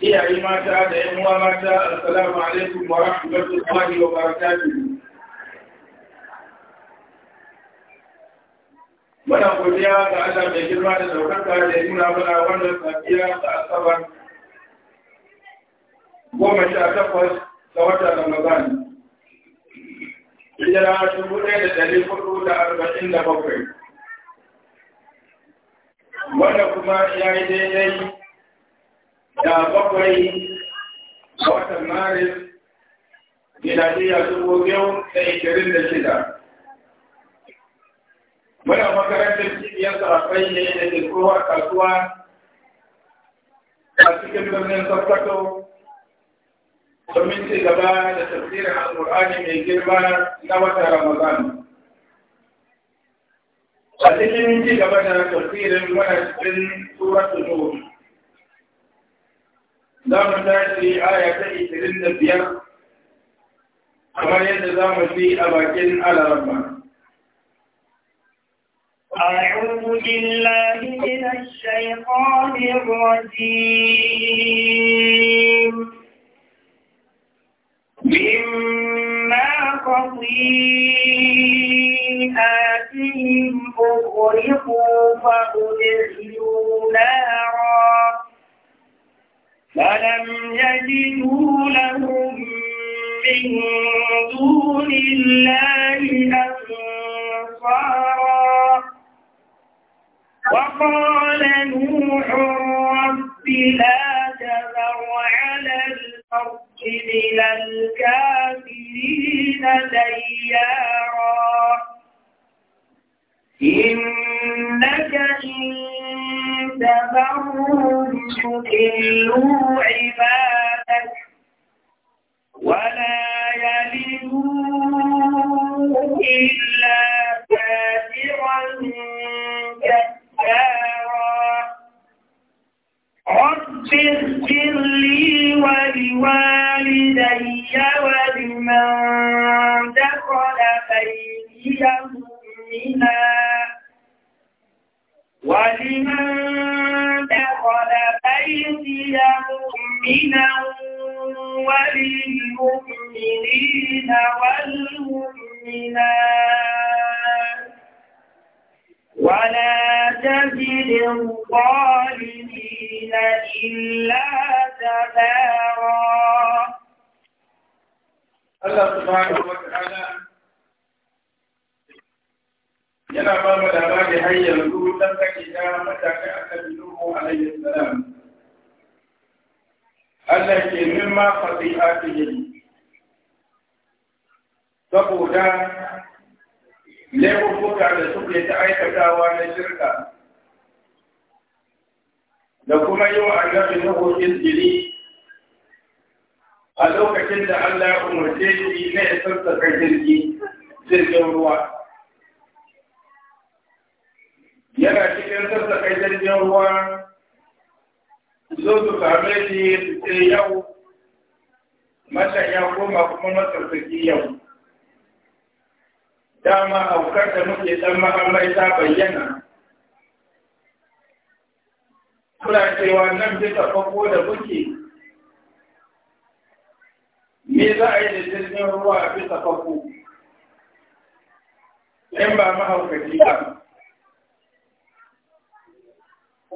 iyaye mata da yan uwa mata assalamu alaikum wa rahmatullahi wa barakatuh muna godiya ga Allah mai girma da daukaka da ya nuna mana wannan safiya ta asabar goma sha takwas ga watan Ramadan. Hijira dubu ɗaya da ɗari hudu da arba'in da bakwai. Wannan kuma ya yi daidai da bakwai a watan maris miladiya dubu biyu da ishirin da shida muna makarantar cibiyar sarafai ne da ke kowa kasuwa a cikin birnin sokoto domin ci gaba da tafsirin alƙur'ani mai girma na wata ramadan a cikin ci gaba da tafsirin mana cikin suratul za mu tashi aya ta ishirin da biyar kamar yadda za mu fi a bakin alarama. أعوذ بالله من الشيطان الرجيم مما خطيئاتهم أغرقوا فأدخلوا نارا فلم يجدوا لهم من دون الله أنصارا وقال نوح رب لا تذر على الأرض من الكافرين ديارا إنك إن تذرهم تكلوا عبادك ولا يلدوا إلا كافرا كفارا رب اغفر لي ولوالدي ولمن دخل بيتي مؤمنا ولمن دخل بيتي مؤمنا وللمؤمنين والمؤمنات ولا تجد الظالمين إلا تبارا الله سبحانه وتعالى yana ba mu labari har yanzu dan kake da matakan annabi a alaihi salam Allah ke mimma fati'atihi saboda kuka da suke ta aikatawa na shirka da kuma yi wa annabi Nuhu izgiri a lokacin da Allah ya umarce shi na ya sassa jirgi zai ruwa yana cikin kai jirgin ruwa zo su same shi su ce yau matan ya koma kuma matsarsaki yau dama aukar da muke ɗan ma'amai ta bayyana kuna cewa nan bisa fako da kuke me za a yi da jirgin ruwa a bisa fako in ba mahaukaci ba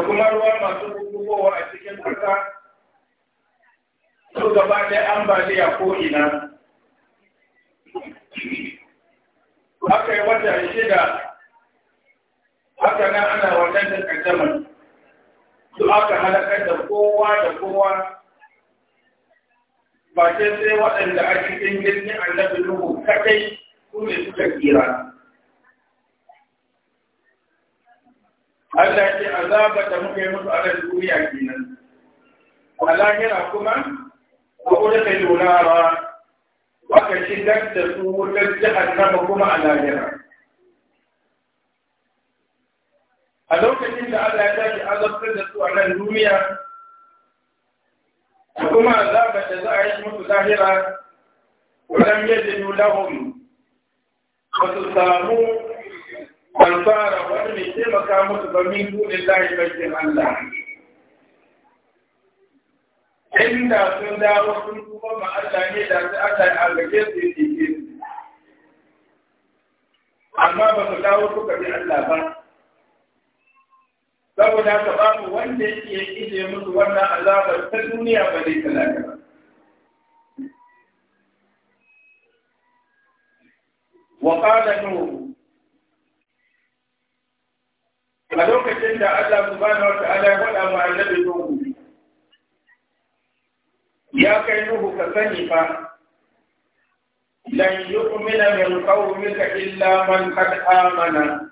da kuma ruwa masu bugowa a cikin ƙasa su gaba da ambaliya ko ina. Aka yi wata shida haka ana wannan da ƙaddaman su aka halakar da kowa da kowa ba sai waɗanda a cikin jirgin annabi Nuhu kadai su ne suka tsira. Allah ya ce azaba da muka yi musu a nan duniya kenan a lahira kuma a wurin da yunara aka shigar da su wutar jahannama kuma a lahira a lokacin da Allah ya tashi azabtar da su a nan duniya kuma azaba da za a yi musu lahira ولم يجدوا لهم وتصاموا alfara wani mai taimaka mutu ba min dunin lahi bakin Allah. Inda sun dawo sun kuma ma Allah ne da su aka yi agaje su yi ke su. Amma ba su dawo suka bi Allah ba. Saboda ka babu wanda yake ije musu wannan azabar ta duniya ba zai talaka ba. وقال نوح a lokacin da Allah subhanahu wa ta'ala ya faɗa ma annabi Nuhu ya kai Nuhu ka sani fa lan yu'mina min qaumika illa man qad amana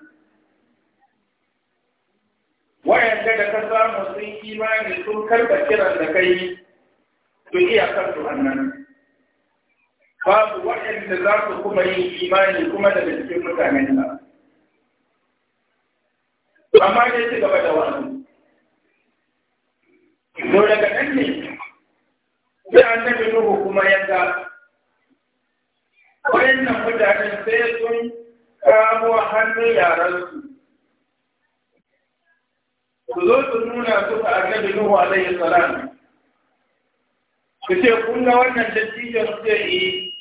wayanda da ka samu sun imani sun karɓa kiran da kai to iya su annan babu waɗanda za su kuma yin imani kuma daga cikin mutanen ba amma dai ci gaba da wani to daga nan ne sai annabi nuhu kuma ya ga wayannan mutane sai sun kamo hannun yaransu ku zo su nuna suka ga annabi nuhu a alaihi salam ku ce kun ga wannan dattijan sai yi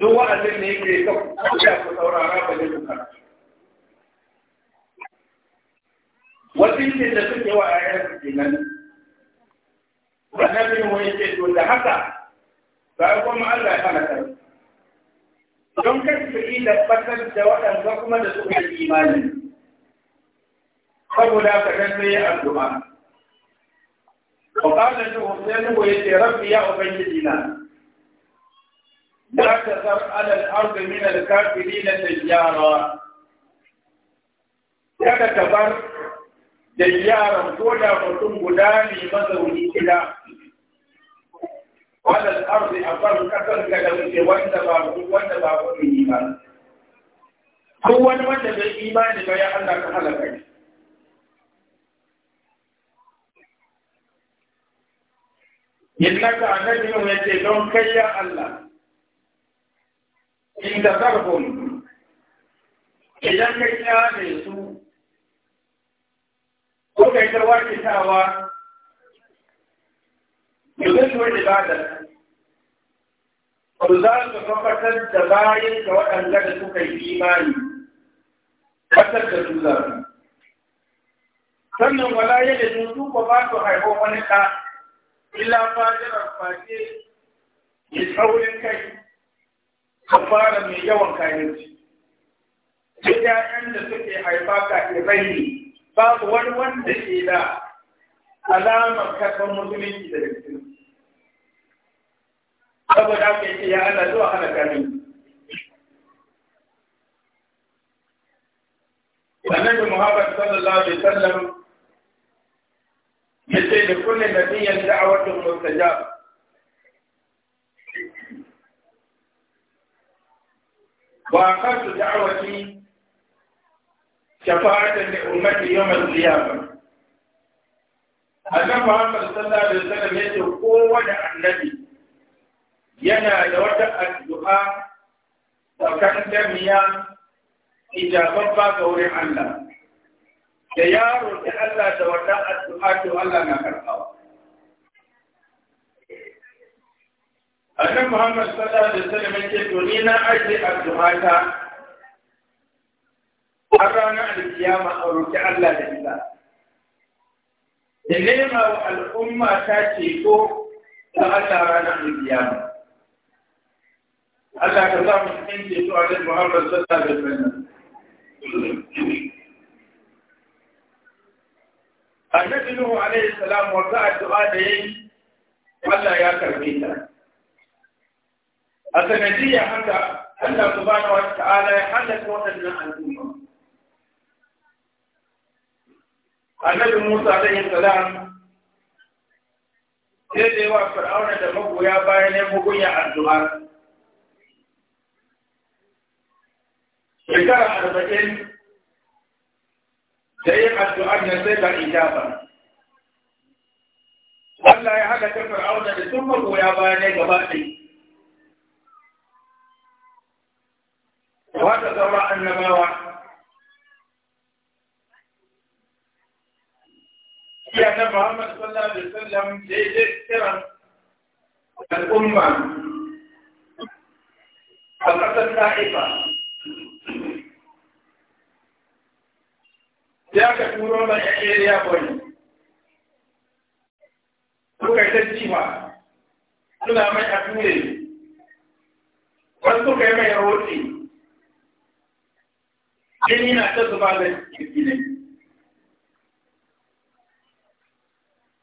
duk wa'azin ne yake kafa ku saurara ba ne ku karatu wakilcin da suke wa ‘ya'yansu kenan. Annabi wani ce to da haka ba kuma Allah ya halaka don kar su yi da fatar da waɗanda kuma da suka yi imani. Saboda ka dan sai addu'a. وقال له حسين ويتي ربي يا أبيدنا لا تذر على الأرض من الكافرين تجارا kada ka da yaran ko da mutum guda ne mazauni gida wannan arzi a farin kasar ka da muke wanda ba wanda ba ku yi ba ko wani wanda bai imani ba ya Allah ka halaka shi innaka annabi ya don kai ya Allah in da zarfun idan ya ne su muka yi tarwa ke tawa yanzu shi wani ibada ku za su tabbatar da bayan ga waɗanda da suka yi imani kasar da su za su sannan wala ya da su su ba su haifo wani ɗa illa fajirar fashe ya tsaurin kai fara mai yawan kayanci duk 'ya'yan da suke haifa ka ne. babu wani wanda ke da alamar karɓar musulunci da cikin saboda haka yake ya Allah zuwa hana gani annabi Muhammad sallallahu alaihi wasallam yace da kullum nabiyyan da'awatun mustajab wa aqamtu da'awati شفاعة لأمتي يوم القيامة. أن محمد صلى الله عليه وسلم يدعو قوة النبي. ينا يودع الدعاء وكان دميا إذا ربى قول الله. تيار تألا تودع الدعاء تولى ما كرهه. أن محمد صلى الله عليه وسلم يدعو لنا أجل الدعاء A ranar alkiyama a roƙi Allah da ita. Da nema wa al'umma ta ceto ta Allah ranar alkiyama. Allah ka za mu cikin ceto a zai Muhammad sallallahu alaihi wasallam. Annabi Nuhu alaihi salam wa ka addu'a da yayi Allah ya karbe ta. A sanadiyya haka Allah subhanahu wa ta'ala ya halaka waɗannan al'umma. annabi Musa alaihi salam sai da yawa fir'auna da magoya bayan ya mugunya addu'a shekara arba'in da yin addu'ar na sai da ijaba. Allah ya haɗa ta fir'auna da sun magoya baya ne gaba ɗaya Wata zama annabawa shi annabi Muhammad sallallahu alaihi wasallam da yake kiran al'umma a ƙasar ta'ifa ya ka turo na area boy suka ta jima suna mai a ture wasu suka yi mai zuba da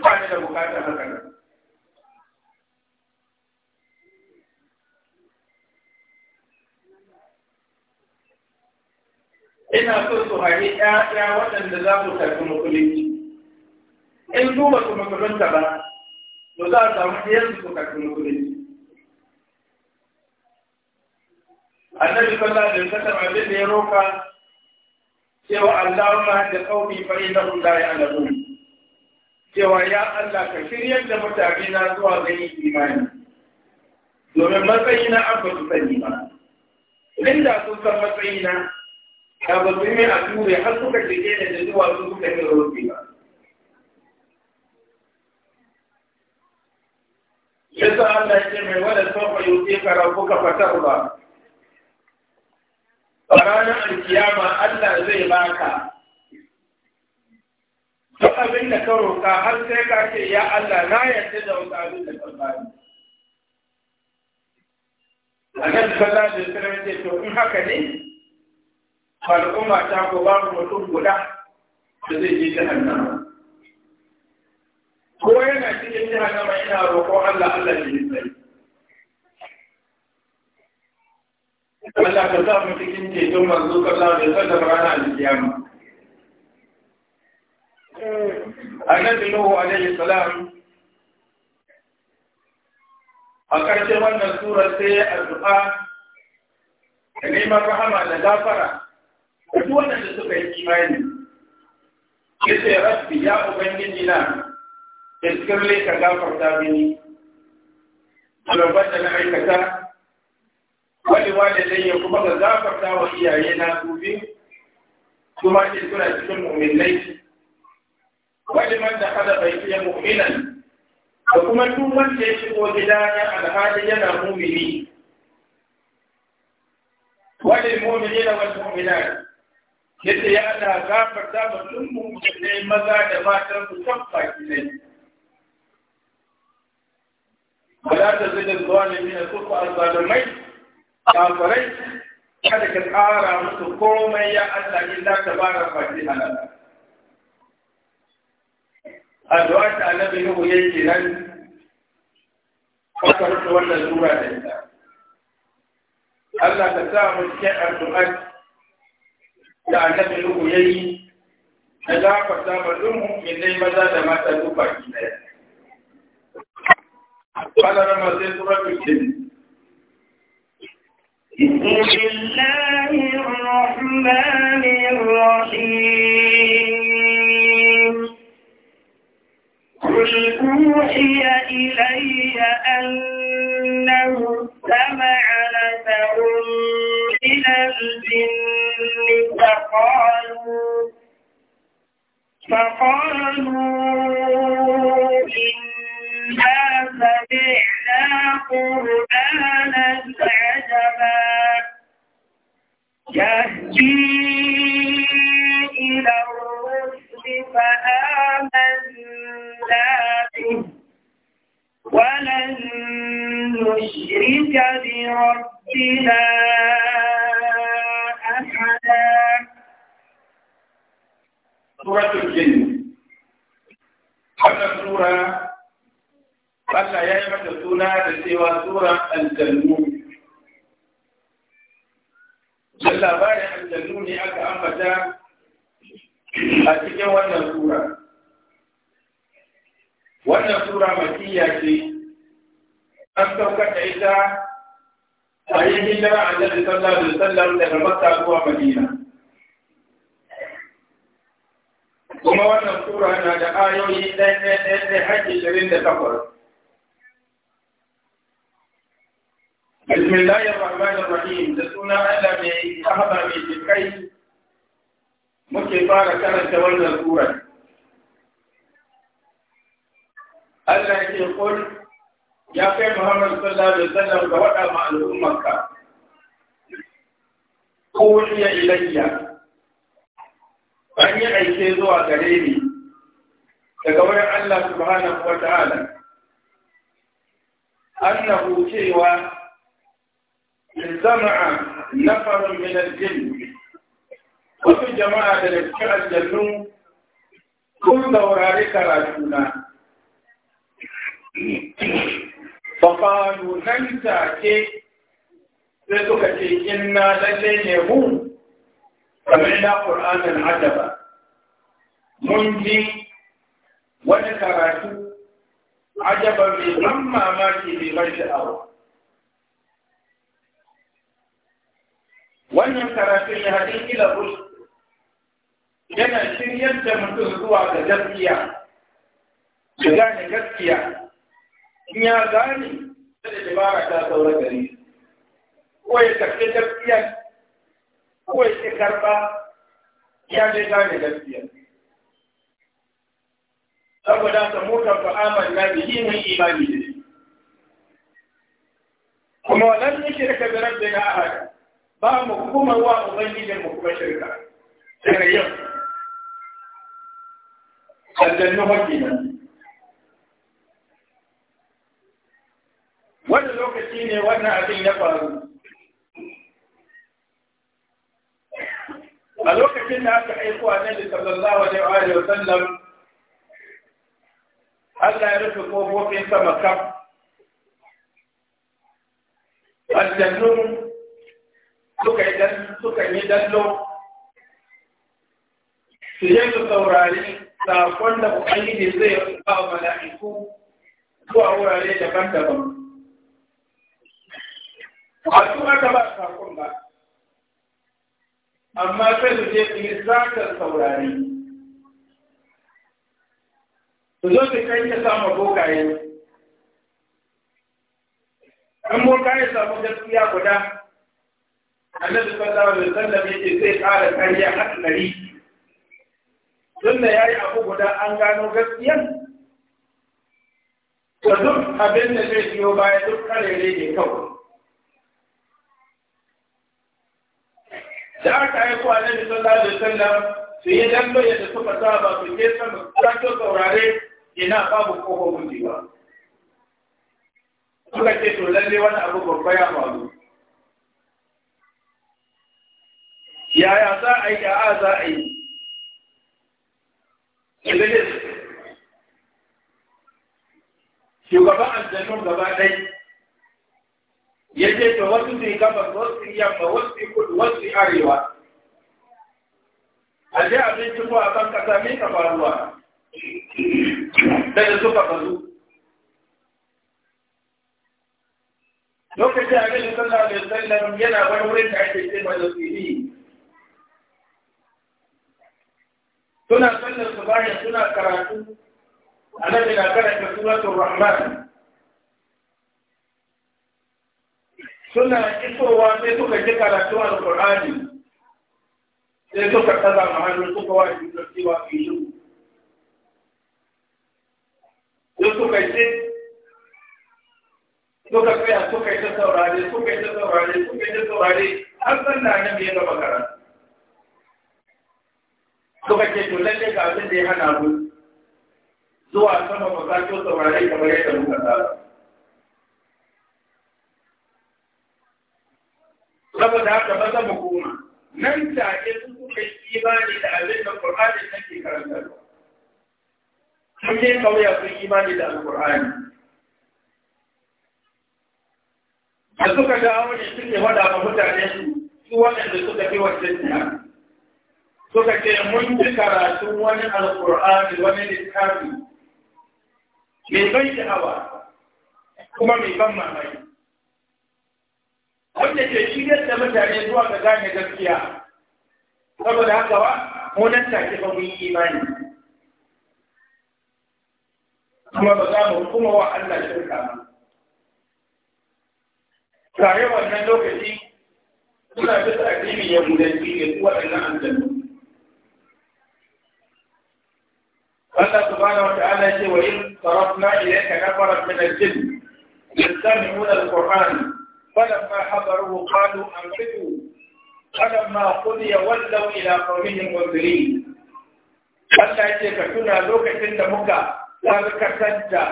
da bukatar ina so su haɗe ‘ya'ya waɗanda za su tafi musulunci. In su ba su musulunta ba, to za a samu ɗayan su tafi musulunci. Annabi sallallahu alaihi wasallam abin da ya roka cewa Allahumma da qaumi fa innahum la ya'lamun. cewa ya Allah ka shiryar da mutane na zuwa ga yin imani domin matsayi na an ba su sani ba inda sun san matsayi na da ba su yi a ture har suka shige ne da zuwa su suka yi rufi ba yasa Allah ce mai wada sofa yuti ka rabu ka fatar ba ranar alkiyama Allah zai baka duk abin da ka roƙa har sai ka ce ya Allah na yarda da wata abin da ka bani nan, sallallahu alaihi wasallam ya ce to in haka ne al'umma ta ko babu mutum guda da zai je jahannama ko yana cikin mai ina roƙo Allah Allah ya yi sai Allah ka sa mu cikin ceton manzo kallon da wasallam ranar alkiyama annabi Nuhu alaihi salam a ƙarshe wannan sura sai ya addu'a da neman rahama da gafara da duk da suka yi imani yace rabbi ya ubangiji na iskirle ka gafarta mini Alabar da na aikata wani zai ya kuma ga gafarta wa iyaye na su kuma ke suna cikin laifi. wajen da kada bai da kuma duk wanda ya shigo gida ya alhali yana mumini wajen mumini da wani mu'minan yadda maza da matansu su can baki ne da zuwa kada ka tsara musu komai ya Allah illa addu'a ta annabi Nuhu yake nan aka rufe wannan sura da ita Allah ta sa mu cikin addu'a da annabi Nuhu yayi da gafarta ma duk mu'minai maza da mata duk baki daya قال لما زيد رجل بسم الله الرحمن الرحيم قل أوحي إلي أنه استمع نفر من الجن فقالوا فقالوا إنا سمعنا قرآنا عجبا يهدي إلى الرشد فآمنا ولن نشرك بربنا أحدا سورة الجن هذا سورة Allah ya yi mata suna da cewa Suran aljannu. Da labarin aljannu ne aka ambata a cikin wannan Sura. wannan sura makiyya ce an saukar da ita a yi hijira a jirgin sallar da sallar daga makka zuwa madina kuma wannan sura na da ayoyi ɗaya ɗaya ɗaya ɗaya har ishirin da takwas بسم الله الرحمن الرحيم da suna Allah mai sahaba mai jikai muke fara karanta wannan surar Allah ke kul ya kai Muhammad sallallahu alaihi wasallam ga wada ma al'ummarka kul ya ilayya an yi aike zuwa gare ni daga wurin Allah subhanahu wa ta'ala annahu cewa zama'a nafarun min al-jinn wasu jama'a da cikin aljannu kun saurari karatuna faƙalu nan take sai suka ce inna lalle ne mu kamar na ƙur'anin adaba mun ji wani karatu ajaba mai ban mamaki mai ban sha'awa wannan karatun ya haɗin ila yana shiryar da mutum zuwa ga gaskiya su gane gaskiya in ya gane sai da dabara ta saura gari ko ya karɓi gaskiya ko ya ce karɓa ya dai gane gaskiya saboda ka mota fa amanna bihi mun imani da shi da walan yushrika bi na ahad ba mu kuma wa ubangijin mu kuma shirka daga yau sannan na hoki nan wani lokaci ne wannan abin ya faru a lokacin da aka aiko da sallallahu alaihi wa sallam Allah ya rufe kofofin sama kaf aljannu suka yi dan suka yi dallo su je su saurari sakon da ubangiji zai ba mala'iku zuwa wurare daban-daban ba su aka ba sakon ba amma sai su je su yi zakar saurari su zo su kai ya samu bokaye an bokaye samu gaskiya guda annabi sallallahu alaihi wasallam yake zai ƙara ƙarya har ɗari tunda yayi abu guda an gano gaskiyan to duk abin da zai biyo baya duk karere ne kawai da aka aiko annabi sallallahu alaihi wasallam su yi dambe da suka saba su je sama su sake saurare ina babu kofar gujewa suka ce to lalle wani abu babba ya faru yaya za a yi a za a yi Iblis shugaban aljannun gaba ɗaya ya ce to wasu ne gaba wasu su yamma wasu su kudu wasu arewa a je abinci ko a kan kasa mai ka faruwa daga suka faru lokacin abin da sallallahu alaihi wasallam yana wani wurin da ake ce mai zafiri suna sallar su bayan suna karatu a annabi na karanta suratul rahman suna isowa sai suka ji karatu a alƙur'ani sai suka tsaga ma hannu suka wa juna cewa fi shi sai suka ji suka tsaya suka yi ta saurare suka yi ta saurare suka yi ta saurare har san da nan ya gaba karatu suka ce to lalle ga abin da ya hana mu zuwa sama za sake saurare kamar yadda muka tsara saboda haka ba za mu koma nan take su kuka yi imani da abin da Qur'ani take karantarwa sun je kauya sun imani da Alƙur'ani. qurani da suka dawo ne suke wada ma mutane su su waɗanda suka fi wancan jiya suka ce mun ji karatun wani alƙur'ani wani littafi mai ban sha'awa kuma mai ban mamaki wanda ke shigar da mutane zuwa ga gane gaskiya saboda haka ba mu nan take ba mu yi imani kuma ba za mu kuma wa Allah shirka ba tare wannan lokaci suna bisa addini ya mudanci ne su waɗannan aljanu Allah subhanahu wa ta'ala ya ce wa in sarafna ilayka nafaran min al-jinn yastami'una al-qur'an فلما حضروه قالوا أنفقوا فلما قضي ولوا إلى قومهم منذرين Allah ce ka tuna lokacin da muka karkatar da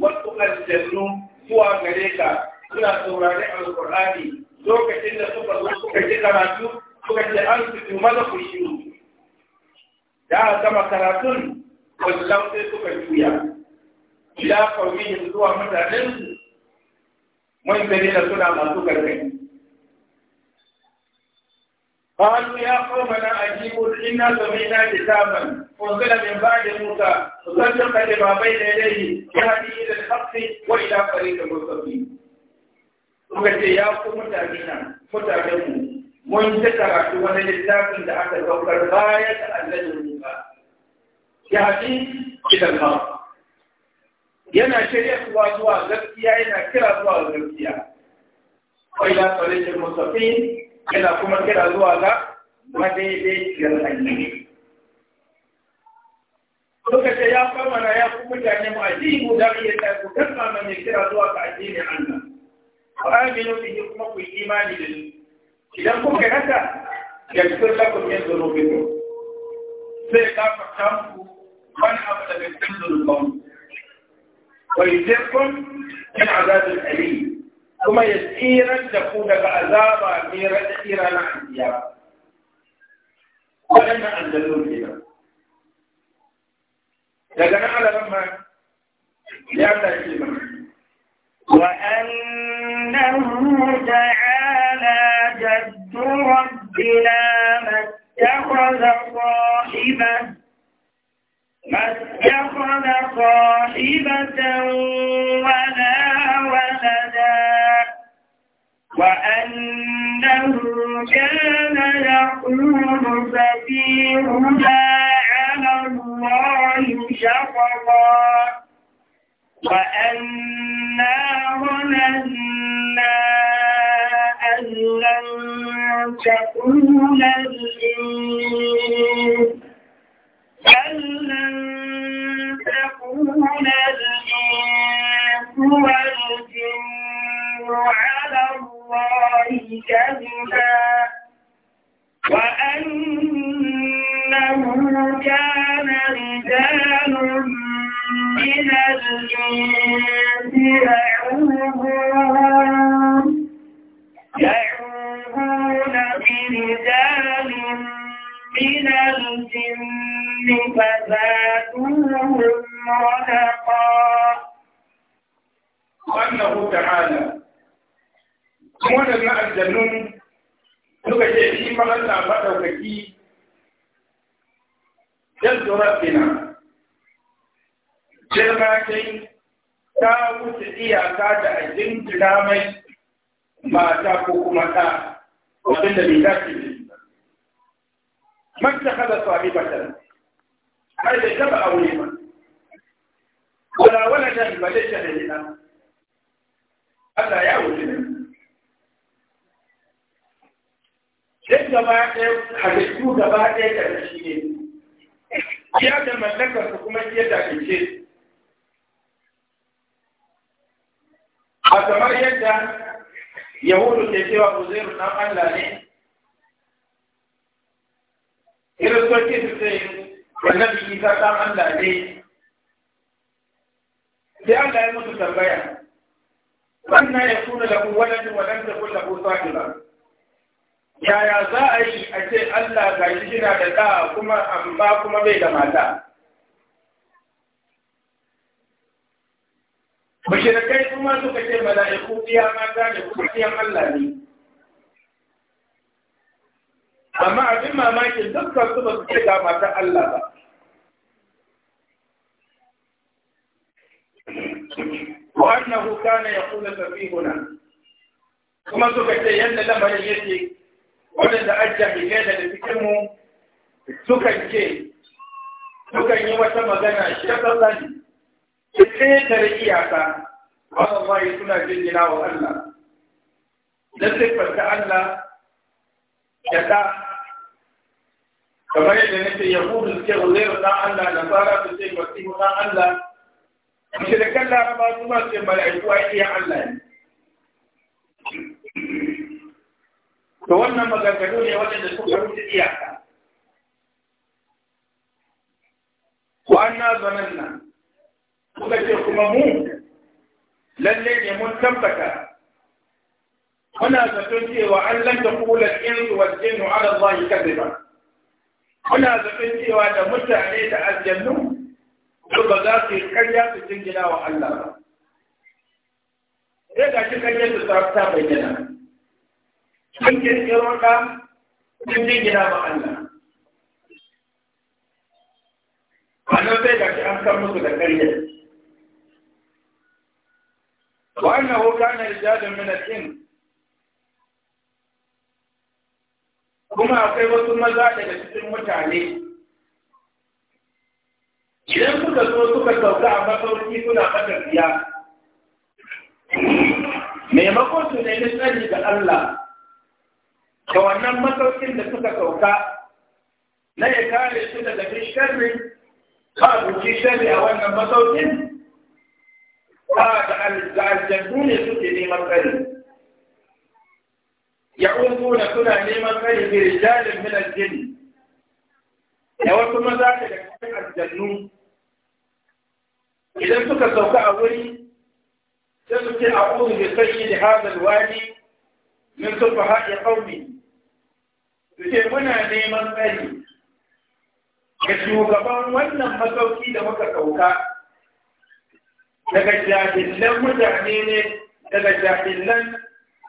wasu aljannu zuwa gare ka suna saurari alkur'ani lokacin da suka zo suka ji karatu suka ce an su maza ku yi da aka gama karatun wasu sai juya ila zuwa mutanen Mun fi da suna masu karni. Fahimtu ya koma na ajihu ina son ina da shagon, kuma ina min bada yunuka, to zan so kaɗe babai daidai ya fi idon haɓɓi wa ita ɓare da gosɗomin. Sufishe ya fi mutane mu, mun ce ta harsu wani littafin da aka daukar bayan ta al'adu ne ba. Ya fi idon hawan. yana shirya kuwa zuwa gaskiya yana kira zuwa gaskiya wai da tsarikin musafin yana kuma kira zuwa ga madaidaiciyar hanyar suka ce ya kamana ya kuma mutane mu ajibu da iya ta ku kasa mai kira zuwa ga addinin Allah wa aminu bihi kuma ku imani da shi idan kuka haka yaghfir lakum min dhunubikum sai ka fata ku wani abu daga cikin zunubanku ويجركم من عذاب الأليم ثم يسيرا تكون بعذاب من رأسيرا عنديا ولن أنزلون لنا لكن على لما لأن الإيمان وأنه تعالى جد ربنا ما اتخذ صاحبه ما اتخذ صاحبة ولا ولدا وأنه كان يقول سفيرنا على الله شططا وأنا ظننا أن لن تكون الإنس يكون الإنس على الله كذبا وأنه كان رجال من الإنس يعوذون يعوذون برجال من الجن فزادوهم رهقا وأنه تعالى wannan na aljannun suka ce shi malalla ba ɗaukaki yanzu rabbina girma kai ta wuce iyaka da a jinjira mai mata ko kuma man ta kada sahibatan ai da ولا aure ba wala wala da ba da ta da ina ya wuce duk ɗaya halittu gaba ɗaya da shi ne iya da mallakar su kuma iya da a kamar yadda yahudu ke cewa uzairu dan Allah ne kiristoci su ce annabi isa ɗan Allah ne sai Allah ya mutu tambaya wannan ya kuna da wadan wadan da kullu ko sa'iba yaya za a yi a ce Allah ga shi yana da ɗa kuma amma kuma bai da mata Mashirakai kuma suka ce mala'iku biya mata ne kuma biyan Allah ne. amma abin mamakin dukkan su ba su ke ga matan Allah ba ko ya ya tafi safihuna kuma suka ce yadda lamarin yake waɗanda an jami'ai daga cikinmu sukan ce sukan yi wata magana shekaran ta ƙetare iyaka wallahi suna jina wa Allah siffar ta Allah ya ta. kamar yadda nake yahudu suke uzairu dan Allah nasara su ce masihu dan Allah mushrikan laraba su ma ce mala'iku ai iya Allah ne to wannan maganganu ne waɗanda suka rufe iyaka ko an na zanen nan kuka ce kuma mu lalle ne mun tabbata muna zaton cewa an lanta kula insu wal jinnu ala Allah kadiba kuna zaton cewa da mutane da aljannu duk ba za su yi karya su jingina wa Allah ba sai ga shi karya su ta bayyana sun kirkiro da sun jingina wa Allah wannan sai ga shi an san musu da karya وأنه كان رجال من الإنس kuma akwai wasu maza daga cikin mutane idan suka zo suka sauka a masauki suna matafiya maimakon su nemi tsari ga Allah da wannan masaukin da suka sauka na ya kare su daga bin ba abuci sharri a wannan masaukin ba da aljannu ne suke neman tsari يعوذون سنة نيما كري برجال من الجن da wasu maza daga cikin aljannu idan suka sauka a wuri sai su ce a ƙudu da sanyi da hadal wani min sun fa haɗe ƙauni su ce muna neman tsari ga shugaban wannan masauki da muka sauka daga jahilan mutane ne daga jahilan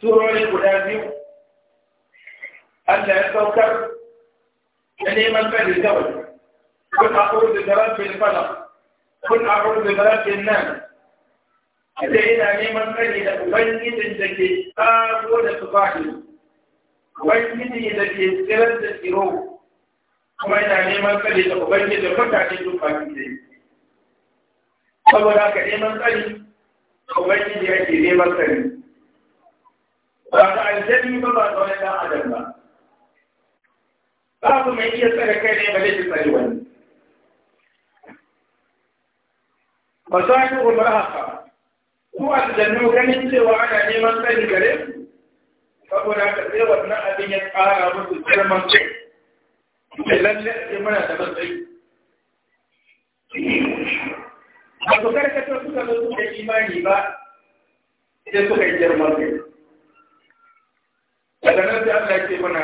surori guda biyu Allah ya saukar da neman da kawai kun kuru da fi fara kun kuru da rabbin nan. da yana neman kare da ubangijin da ke tsaro da tufafi ubangiji da ke tsirar da tsiro kuma yana neman kare da da ubangijin mutane tufafi da saboda haka neman kare ubangiji ya ke neman kare ba ta aljani ba ba ta wani ɗan adam ba babu mai iya tsare kai ne ba zai tsare wani masakin umarhaka ku aljannu ganin cewa ana neman tsari gare su saboda ka sai wannan abin ya ƙara musu girman kai da lalle ake muna da matsayi ba su karkatar suka zo suka imani ba sai suka yi girman kai daga nan sai Allah ya ce mana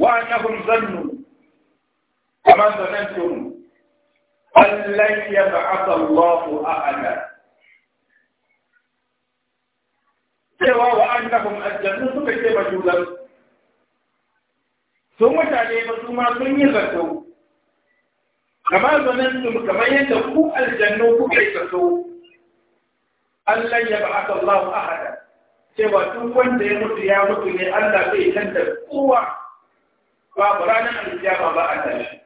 wa annahum zannu kama zanantum an lan yab'atha Allahu ahada cewa wa annahum aljannu suka ce ba julan su mutane ba su ma sun yi zato kamar zanantum kamar yadda ku aljannu kuka yi zato Allah ya ba'ata Allah ahada cewa duk wanda ya mutu ya mutu ne Allah zai canza kowa babu ranar alkiyama ba a tashi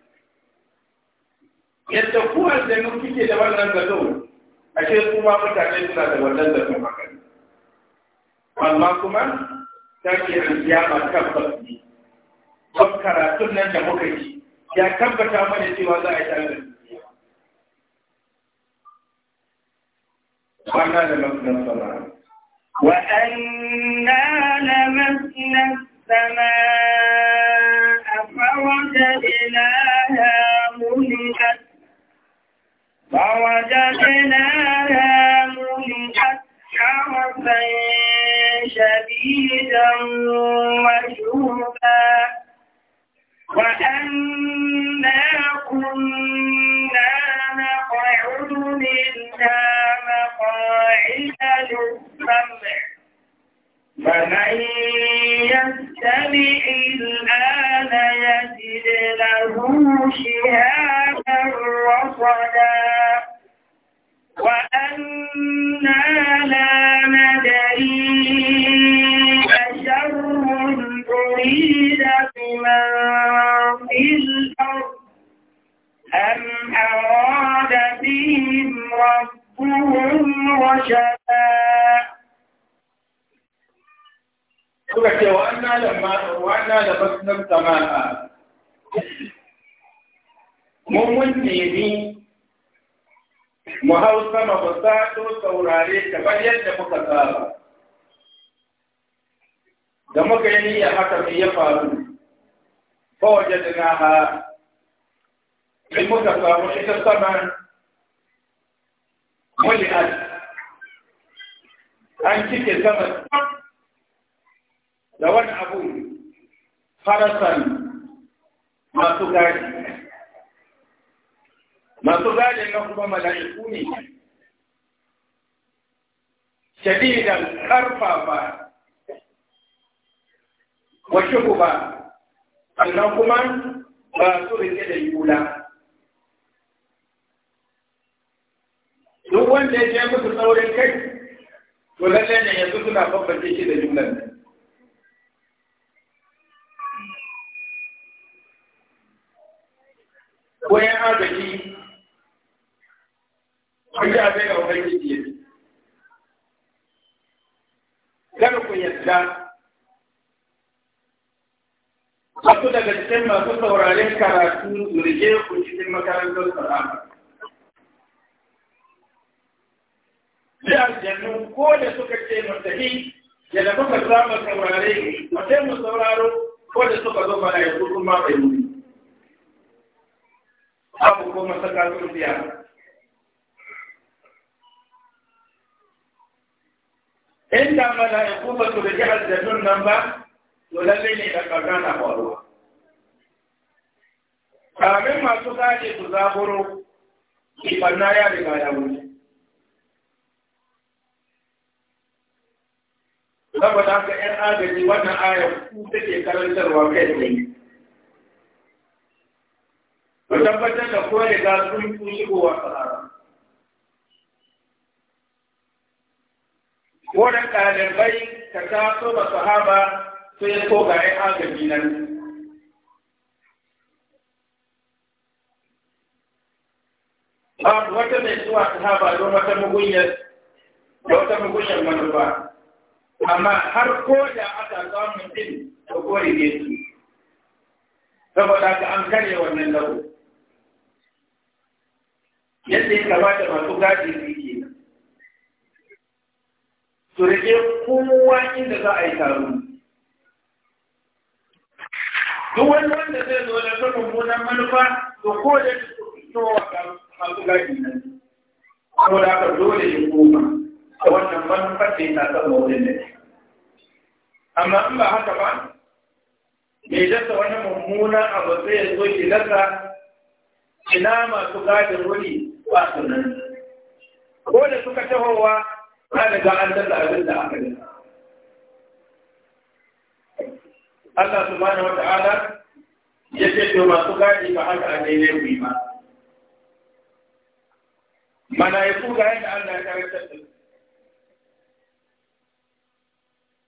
yadda da mun kike da wannan zato ashe kuma mutane suna da wannan da kuma amma kuma ke alkiyama tabbas ne don karatun nan da muka yi ya tabbata mana cewa za a yi tare da da mafi nan وأنا لمسنا السماء فوجدناها ملئت فوجدناها ملئت حرسا شديدا وشوبا وأنا كنا نقعد منها علل السمع فمن يستمع الآن يجد له شهابا رصدا saurare kamar yadda muka tsara da muka yi niyya haka mai ya faru fa wajadna ha in muka samu ita saman muli'at an cike saman da wani abu farasan masu gadi masu gadin na kuma mala'iku ne shadidan karfafa wa ba, sannan kuma ba su rike da yula duk wanda ya je musu saurin kai to lallai ne yanzu suna bambance shi da jumlar ko ya agaji wanda a bai da wani jiki kar ku yadda wasu daga cikin masu sauraren karatu rige ku cikin makarantar salama sai aljannu ko da suka ce masahi, ya da muka samu saurare mutai mu sauraro ko da suka zo mala'iku kuma bai wuri abu ko masaka sun biya inda mala'iku ba su da jihar aljannun nan ba to lalle ne da ƙarna na faruwa kamin masu gane su zaburo ibanna ya riga ya wuce saboda haka ‘yan agaji wannan ayar ku take karantarwa kai ne ku tabbatar da kore ga sun shigo shigowa tsara wurin ɗalibai ta taso ba sahaba sai ko ga ‘yan agaji nan. Babu wata mai zuwa sahaba don wata mugunyar da wata mugunyar manufa, amma har ko da aka samu din da kore ne su, saboda ka an karya wannan lau. Yadda ya kamata masu gadi su rike kowa inda za a yi taro duk wani wanda zai zo da ta mummunan manufa to ko da fitowa ga masu gaji nan ko da aka dole yin kuma, a wannan manufa ce ya tasa mawurin da amma in ba haka ba me dasa wani mummuna abu sai ya zo ki dasa ina masu gadin wuri ba su nan ko da suka tahowa ba da ga an dalla abin da aka yi Allah subhanahu wata'ala ya ce to masu gadi ba haka a daidai ku yi ba malaiku ga yadda Allah ya karantar da su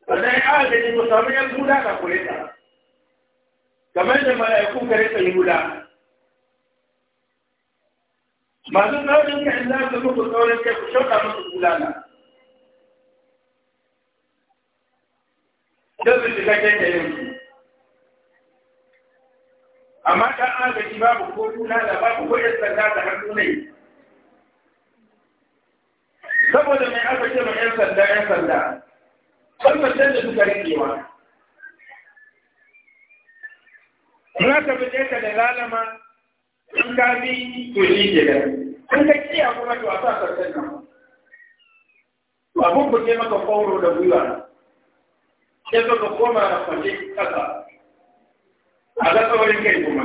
sannan ya adadin musamman yan guda ka kure ta kamar da malaiku kare ta yi guda masu tsaurin ka in za su muku tsaurin kai ku shauka musu gudana don su cikakken da yau amma ta agaji babu ko juna da babu ko yan sanda da hannu ne saboda mai aka ce mai yan sanda yan sanda kalmacin da suka rikewa Na ka bi ka da lalama in ka bi to ni ke da in ka kiya kuma to a sa sassan nan abun ku maka kwauro da gwiwa sai ka koma na kwace kasa a ga tsawon kai kuma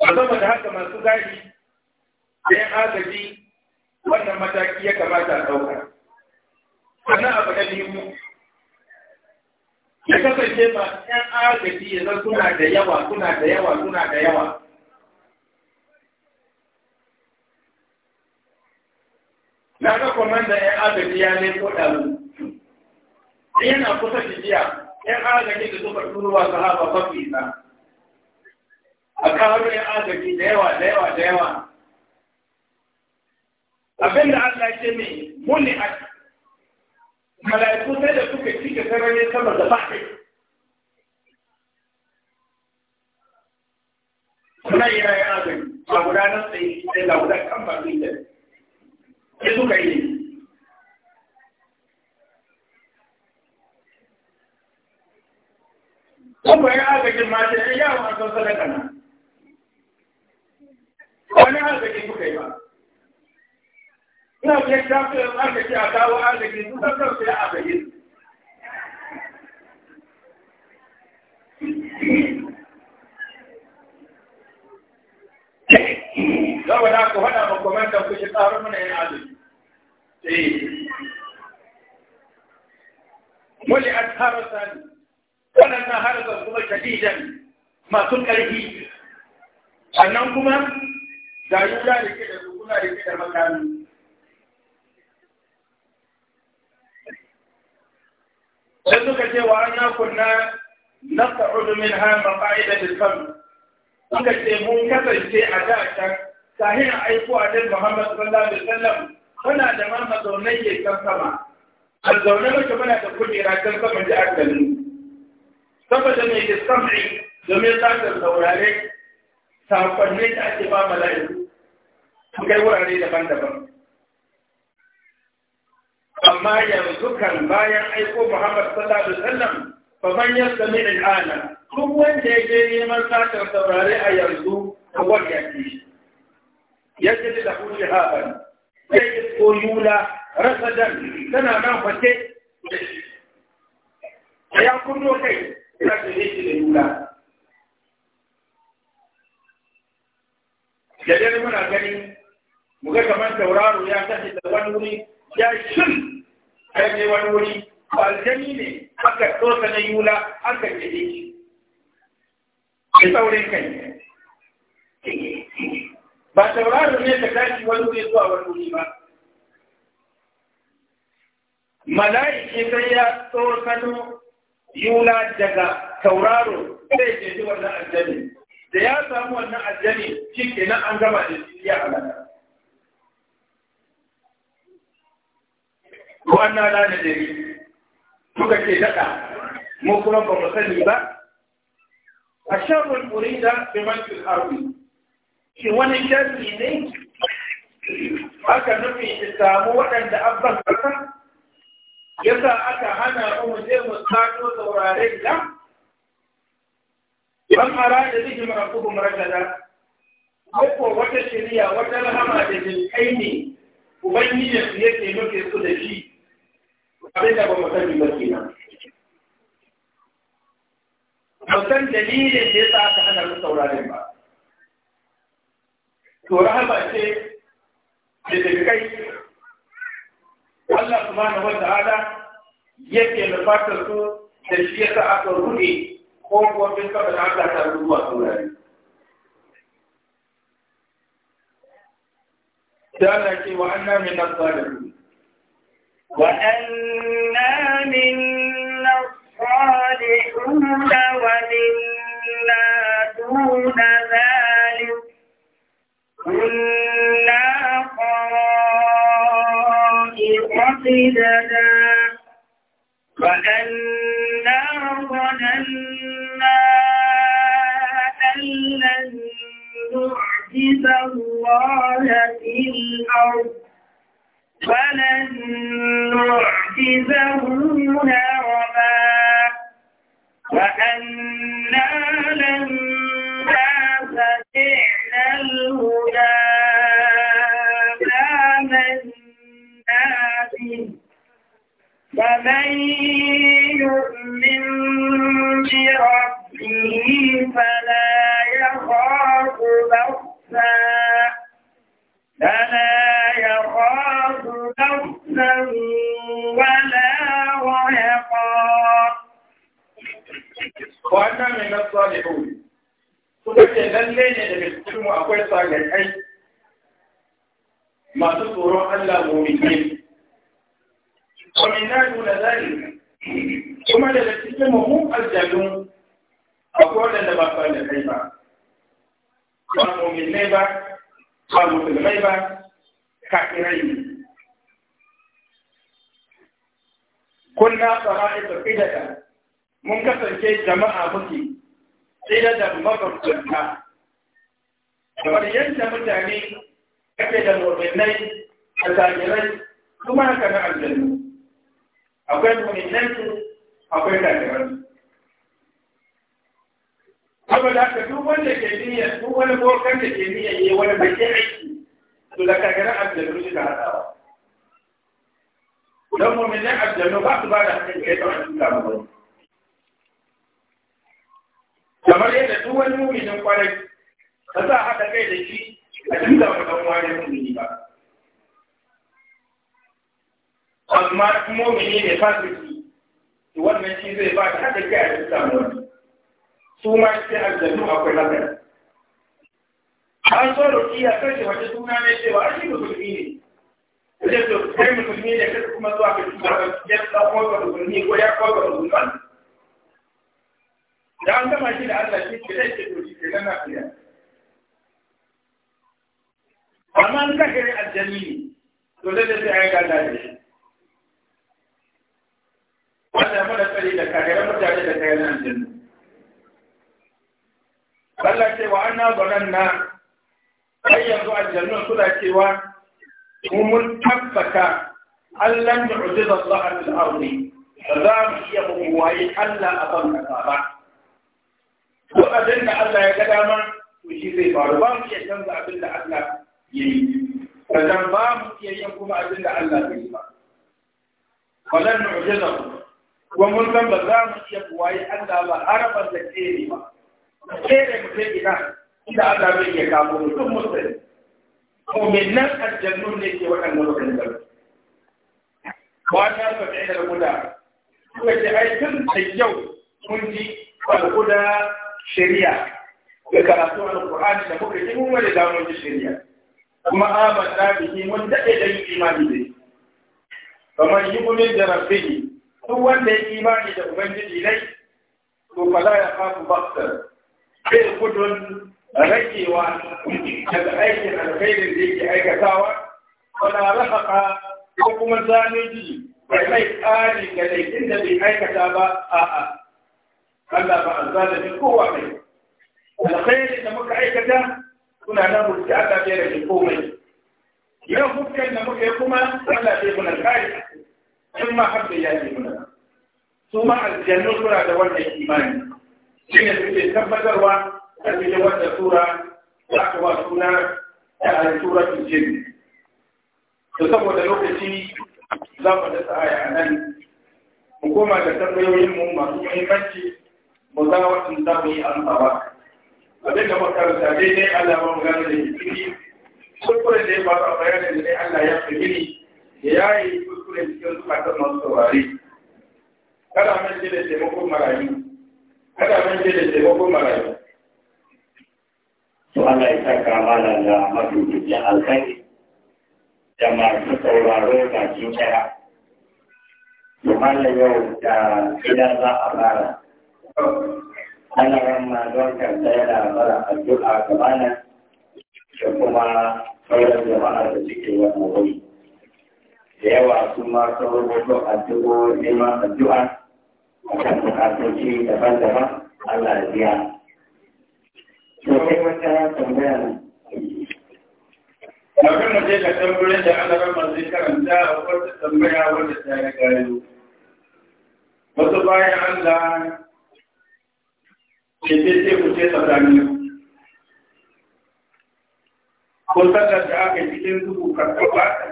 a saboda haka masu gadi da yan agaji wannan mataki ya kamata a ɗauka sannan abu na biyu ya kasance ba yan agaji ya zan suna da yawa suna da yawa suna da yawa na ga komanda ya agaji ya ne ko dalu yana kusa jiya ya agaji da suka turuwa sahaba fafi isa. a kawo ya agaji da yawa da yawa da yawa abinda Allah ya ce ne muni a malaiku sai da suka cika sararin sama da ba'i suna yi ya agaji ba gudanar sai da gudanar kan ba da sai suka yi Kuma ya agajin mace ya yi yawon asan sadaka na. Wani agaji suka yi ba. Ina biyar ta fi yin agaji a kawo agaji su san kansu ya agaji. Saboda ku haɗa ma kwamantan ku tsarin mana yin agaji. ولعت هرسا ولما هرسا كما شديدا ما تنكره sannan kuma da yi da rike da rukuna rike da makami sai suka ce wa an yakun na nasa udumin ha maƙa'ida da kan suka ce mun kasance a da can sahihin aiko a dan Muhammadu sallallahu alaihi wasallam kuna da ma mazaunai ke kan sama a zaune muke muna da kujera kan sama da akali saboda mai da sam'i domin za ta saurare da ake ba mala'iku su kai wurare daban-daban amma yanzu kan bayan aiko Muhammad sallallahu alaihi wasallam fa man yastami ana duk wanda je neman satar saurare a yanzu a wanda yake yake da hushi haban sai ko yuna. rasadan tana nan face da ya kunno kai ina da shi da yula da dare muna gani mu ga kamar tauraro ya tashi da wani wuri ya shin kai ne wani wuri aljani ne aka tsosa na yula aka ne shi ya saurin kai ba tauraro ne ka tashi wani wuri zuwa wani wuri ba mala'iki sai ya tsokano yula daga tauraro sai ke ji wannan aljani da ya samu wannan aljani shi nan an gama da shi ya ko an na da ne. Kuka ce daɗa mu kuma ba mu sani ba a shafin urida bi mantil arwi shi wani shafi ne aka nufi samu waɗanda abban kasa yasa aka hana mu je mu tsato sauraren da ban arada zikir ma'akubu da. ko wata shirya wata rahama da jinkai ne ubangijin su yake nufe su da shi abin da ba mu sani ba kenan ba san dalilin da yasa aka hana mu sauraren ba to rahama ce da kai Allah subhanahu wa ta'ala yake lafata su da shi ya sa aka rude ko kuwa bin kaba da aka ta zuwa turare Allah ce wa anna min nasalihin wa anna min nasalihin wa minna duna zalik سددا وأنا ظننا أن لن نعجز الله في الأرض ولن نعجزه هربا وأنا لما سمعنا الهدى فمن يؤمن بربه فلا يخاف بخسا فلا يخاف بخسا ولا رهقا وأنا من الصالحون sukace lalle ne daga cikinmu akwai salihai masu tsoron Allah mu'minai ومن دون ذلك kuma da daga cikin mu aljanu akwai wadanda ba su da kai ba ba mu'minai ba ba musulmai ba kafirai ne kunna ita fidata, mun kasance jama'a muke qidada mabambanta kamar yadda mutane kake da mu'minai a kafirai kuma haka na aljanu akwai muhimmanci akwai kafiran saboda haka duk wanda ke niyya duk wani bokan da ke niyya yi wani baki aiki to da kafiran aljanu shi hada. hadawa don mu'minin aljanu ba su ba da hakan kai don aljanu da mu kamar yadda duk wani mu'minin kwarai ka sa haɗa kai da shi a cikin da ɗan wani mu'mini ba amma mumini ne fasiki to wannan shi zai ba ta hada kai a cikin samuwa su ma shi aljannu akwai haka an so rukiya sai shi wata suna ne cewa a shi musulmi ne zai to kai musulmi ne kai kuma zuwa ka tuba ya kuma ga musulmi ko ya kawo ga musulman da an gama shi da Allah shi ke zai ce to shi ke nan na fiya amma an zaka ne aljanni ne to zai zai ai ga Allah ne wannan mana tsari da kafiran mutane da kayan aljanna Allah ce wa anna zananna ai yanzu aljannun suna cewa mu mun tabbata Allah ya ujiza Allah al ardi za mu iya mu waye Allah a ban kasa ba ko abin da Allah ya ga dama to shi zai faru ba mu iya canza abin da Allah ya yi sannan ba mu iya yin kuma abin da Allah bai yi ba falan nu'jizahu kuma mun san ba za mu iya kuwaye Allah ba ba da kere ba kere mutum ina inda Allah bai iya kamo mutum musulmi nan aljannun ne ke waɗannan waɗannan mata su da guda Kuma ce ai tun da yau mun ji guda shari'a ga karatu alƙur'ani da muka yi mun wani damar da shari'a kuma amanna bihi mun daɗe da yi imani da kamar yi kumin da duk wanda ya imani da ubangiji dai, to fa za ya yaqafu basta sai gudun rakewa daga aikin alkhairin da yake aikatawa wala rahaqa ko kuma zanuji bai mai tsari ga laifin da bai aikata ba a'a Allah ba a bi kowa mai alkhairin da muka aikata kuna nan da Allah bai rage komai yau hukkan da muka yi kuma Allah bai muna kare in ma har ya yaƙi muna su ma aljannu suna da wannan imani shi ne suke tabbatarwa a cikin wata sura za ka wa suna da al-suratul jin to saboda lokaci za mu dasa aya a nan mu koma da tambayoyin mu masu muhimmanci mu za wasu za mu yi amsawa abin da makaranta daidai Allah ba mu gane da hikimi da ya faru a bayanin da dai Allah ya fi gini da ya yi kuskure cikin zukatan masu saurari kada mun je da taimakon marayu kada mun je da taimakon marayu to Allah ya saka mana da mafi alkhairi da masu sauraro baki daya Yohana yau da idan za a fara. Ana ramma don karta yana fara addu'a gabanin da kuma sauran jama'a da suke wannan wuri. dewa kuma sun ma sauran wasu addu'o neman addu'a a kan bukatoci daban-daban Allah ya biya. To kai wata tambaya ne. Kafin mu je ka tambayoyin da Allah ramar zai karanta a wata tambaya wanda ta yi gayo. Wasu bayan Allah ke ce ce ku ce tsakanin ko sallar da aka cikin dubu karɓar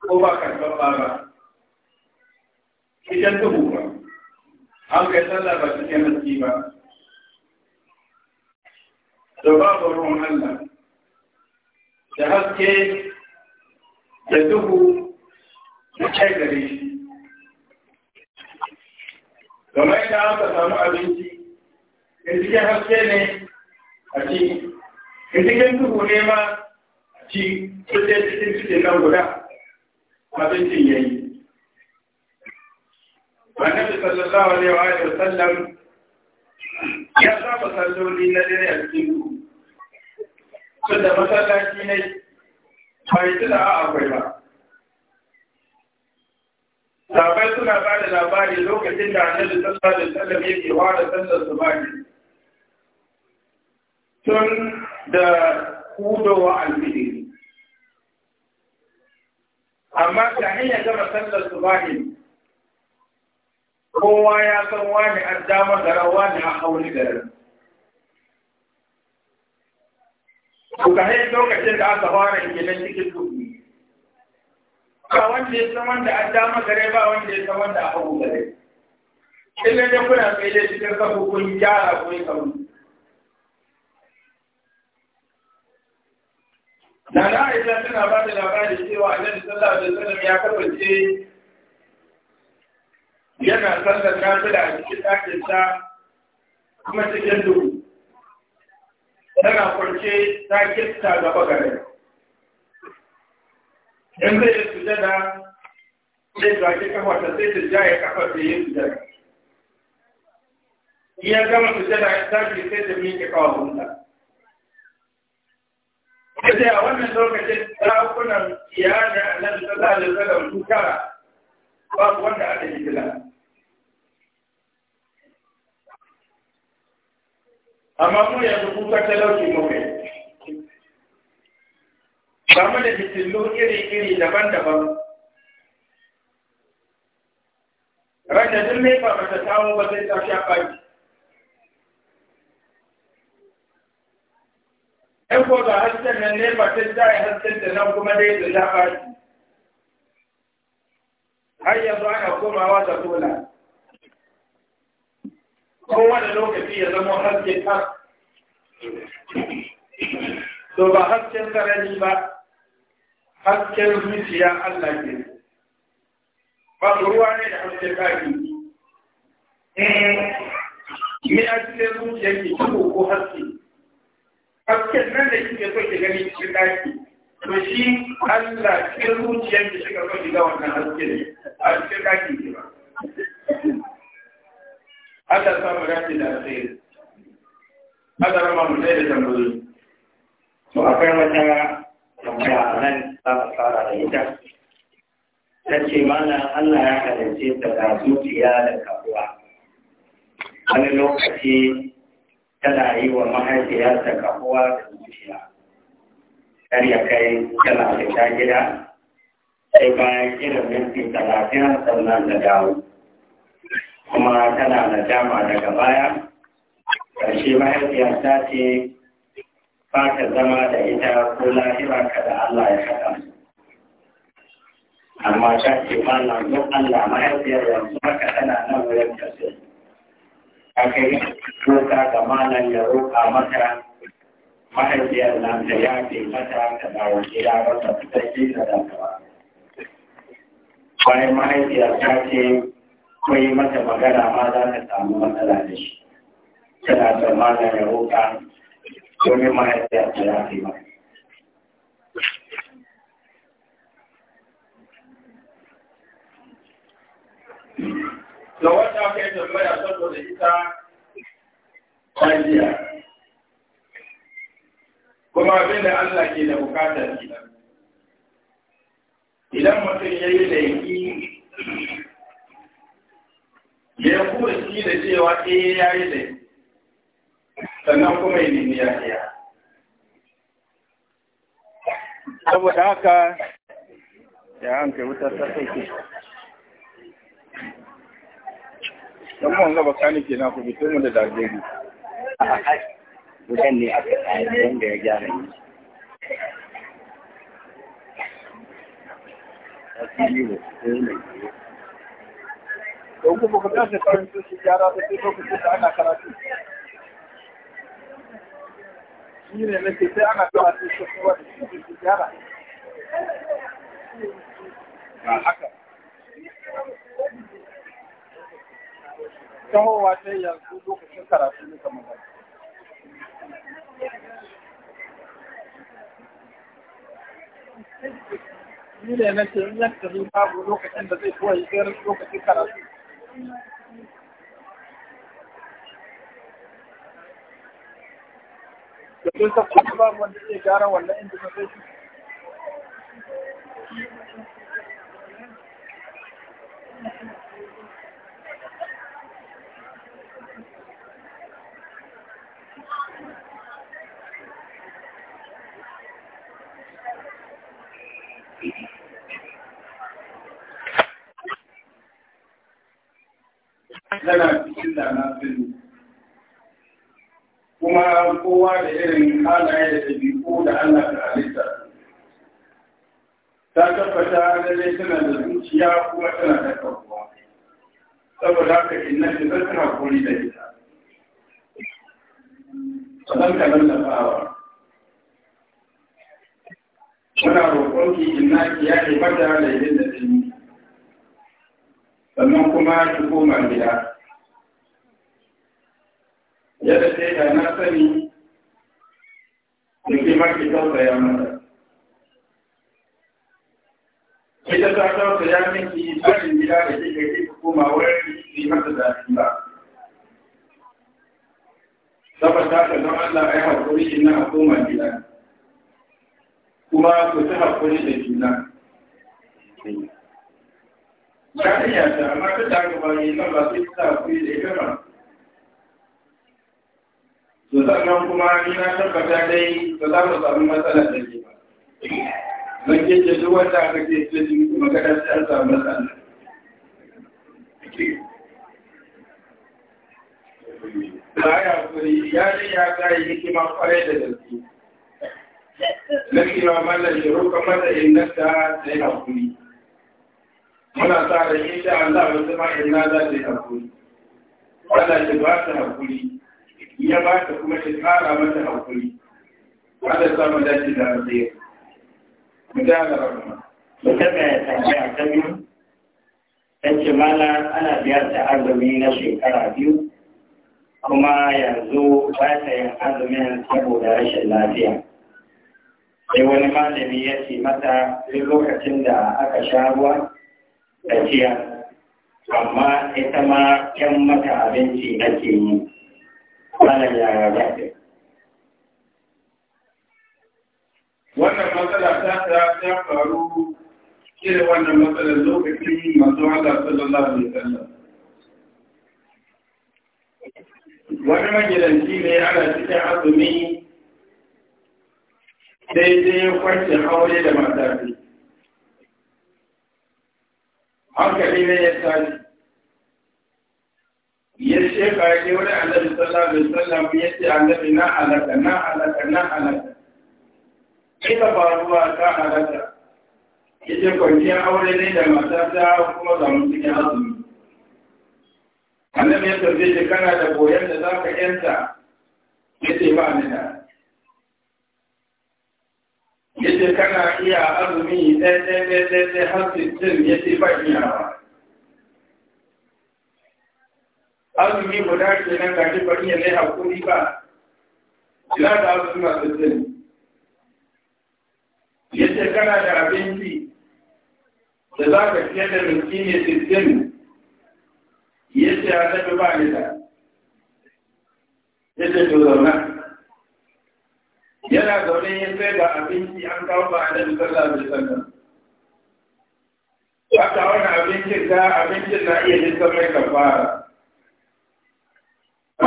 ko ba karɓar bara cikin duhu ba an kai sallah ba cikin haske ba da babu ruwan Allah haske da duhu da kai gare shi kamar yadda aka samu abinci in cikin haske ne a ci in duhu ne ma a nan guda abincin ya yi. Annabi sallallahu alaihi wa sallam ya saba salloli na dare a cikin ku. Tunda masallaci ne bai tuna a akwai ba. Sabai suna ba da labari lokacin da Annabi sallallahu alaihi wa sallam yake ware sallar su bani. Tun da kudowa alfihiri. amma ta hanyar gama sallar subahi kowa ya san wani an dama rawa ne a hauli garin ku ka hanyar lokacin da aka fara gidan cikin duhu ba wanda ya san wanda an dama gare ba wanda ya san wanda a hauli gare Ina da kuna tsaye cikin kafa kun gyara yi kauni da na aisha tana ba da labari cewa annabi sallallahu alaihi wasallam ya kasance yana sallar nafila a cikin ɗakin sa kuma cikin duhu tana kwance ta kitta gaba gare in zai yi sujada zai zaki kafa ta sai ta jaye kafa ta yi sujada iya gama sujada ta sai ta miƙe kawo hunta kace a wannan lokacin dakunan iyali annabi sallallahu alaihi wasallam su tara babu wanda aka yi kila amma mu yanzu kuka talauci mu kai ba da fitillu iri-iri daban-daban rashin duk mai ba ta samu ba zai ta sha baki in ko ga hasken nan ne ba ta jaye hasken da nan kuma dai da labari har yanzu ana komawa da dola kowane lokaci ya zama haske ta to ba hasken sarari ba hasken zuciya Allah ke ba ruwa ne da hasken ɗaki eh, me a cikin zuciya ke ko haske Fasken nan da kike so ki gani cikin daki to shi Allah cikin zuciyar ki shiga so ki ga wannan haske ne a cikin daki ki ba Allah ya mu dace da alheri Allah rama mu da tambayoyi to akwai wata tambaya nan za mu fara da ita ta ce mana Allah ya halarce ta da zuciya da kafuwa wani lokaci tana yi wa mahaifiyarta kafuwa da zuciya har ya kai tana da gida sai bayan irin minti talatin sannan da dawo kuma tana da dama daga baya ƙarshe mahaifiyar ta ce ba ta zama da ita ko lahira ka da Allah ya haɗa amma ta ce ba na Allah mahaifiyar yanzu haka tana nan wajen tafiya akai roƙa ga malam ya roƙa maka mahaifiyar nan ta mata ta dawo gida ba ta fita ta da ba. Bayan mahaifiyar ta ce kai mata magana ma za ta samu matsala da shi. Tana da malam ya roƙa domin mahaifiyar ta yafe mata. ga wanda aka yi tambaya saboda ita hajiya kuma abin da Allah ke da bukata kenan idan mutum ya yi laifi ya kuma shi da cewa eh ya yi laifi sannan kuma yi nemi yafiya saboda haka ya an kai wutar ta ke. don mu wanga kani ke na ku bi mu da dajeri ne aka tsaye ya gyara da ba ku kawai su su gyara da sai ana karatu shi ne na sai ana karatu su kuma da su gyara haka tahowa ta yanzu lokacin karatu ne kamar magana. Ni ne na ce in yadda ni babu lokacin da zai kowa yi tsere lokacin karatu. Domin ta kuma babu wanda zai gyara wannan inda zai shi tana cikin da na kuma kowa da irin halaye da ɗabi'u da Allah ta halitta ta tabbata lallai tana da zuciya kuma tana da kafuwa saboda haka inna shi zan hakuri da ita sannan ka lallafawa muna roƙon ki inna ki ya mata da yin da sannan kuma ki koma gida yadda sai da na sani in ke maki tausaya mata ita ta tausaya miki barin gida da ke kika kika koma wurin da ke yi mata zafi ba saboda haka don Allah ya haƙuri shi na koma gida kuma ku ta haƙuri da juna ya iya ta amma ta da gaba yi nan ba su sai ta haƙuri da ita ba to sannan kuma ni na tabbata dai ba za mu samu matsala da ke ba don ke ce duk wanda aka ce ce ji kuma kada dace an samu matsala baya kuri ya ne ya kai hikima kwarai da gaske na kima mana shi roƙon mata nasta da yi hakuri muna sa da insha Allah wasu ma'ina za ta yi hakuri Allah shi ba su hakuri ya ba ta kuma shi kara mata Ba ta samun dace da alzai mu da rahama mutum ya tambaya ta biyu ta ce mana ana biyar da azumi na shekara biyu kuma yanzu ba ta yin azumin saboda rashin lafiya sai wani malami ya ce mata duk lokacin da aka sha ruwa da ciya amma ita ma yan mata abinci ake yi wannan yaya za ka wannan matsala ta ta faru irin wannan matsalar lokacin masu Allah sallallahu alaihi wasallam wani magidanci ne ana cikin azumi daidai kwanci aure da matafi hankali ne ya tashi ya sheka ya ke wani annabi sallallahu alaihi wasallam ya ce annabi na halaka na halaka na halaka ita faruwa ta halaka ya ce kwanciyar aure ne da matata kuma za mu cikin azumi annabi ya tafi ce kana da koyon da za ka yanta ya ce ba ni da ya ce kana iya azumi ɗaya ɗaya ɗaya ɗaya har sittin ya ce ba iyawa azumi guda ke nan ga shi bari ya lai hakuri ba ina da azumi na sassan yace kana da abinci da za ka fiye da miskini sassan yace a tafi ba ni da yace to zauna yana zaune ya sai da abinci an kawo ba a nabi sallallahu mai wasallam Wata wani abincin ta, abincin na iya jin mai kafara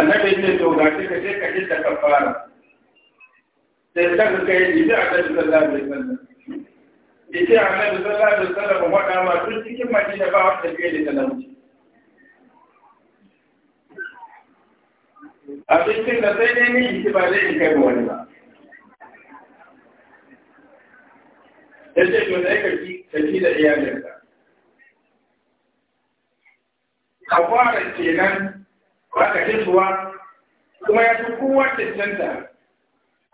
annabi ne to ga shi ka je ka ji da kafara sai ta ga kai ji da annabi sallallahu alaihi wasallam yace annabi sallallahu alaihi wasallam wada ma tun cikin madina ba wanda ke da talauci abincin da sai dai ni shi ba zai kai ba wani ba ce to sai ka ji ka ji da iyalinka kafara kenan ba ka ce suwa kuma ya fi kowa cancanta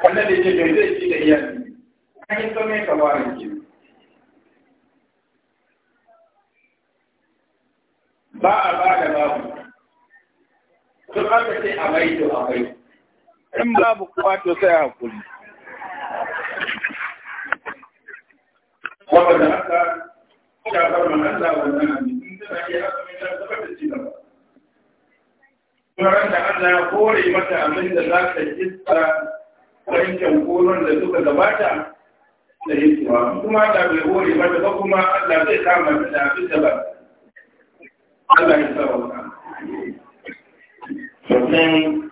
wannan da yake bai zai ci da iyali an yi zama ba a ke ba a ba da babu ba ka ce a bai to a bai in babu kuwa to sai a hakuri saboda haka ya bar mana Allah wannan abin haka mai ta ci gaba ran da Allah ya kore mata abin da za ta iska wancan gonon da suka gabata da hikima kuma da bai kore mata ba kuma Allah zai kama ta da abin da ba Allah ya sauka sannan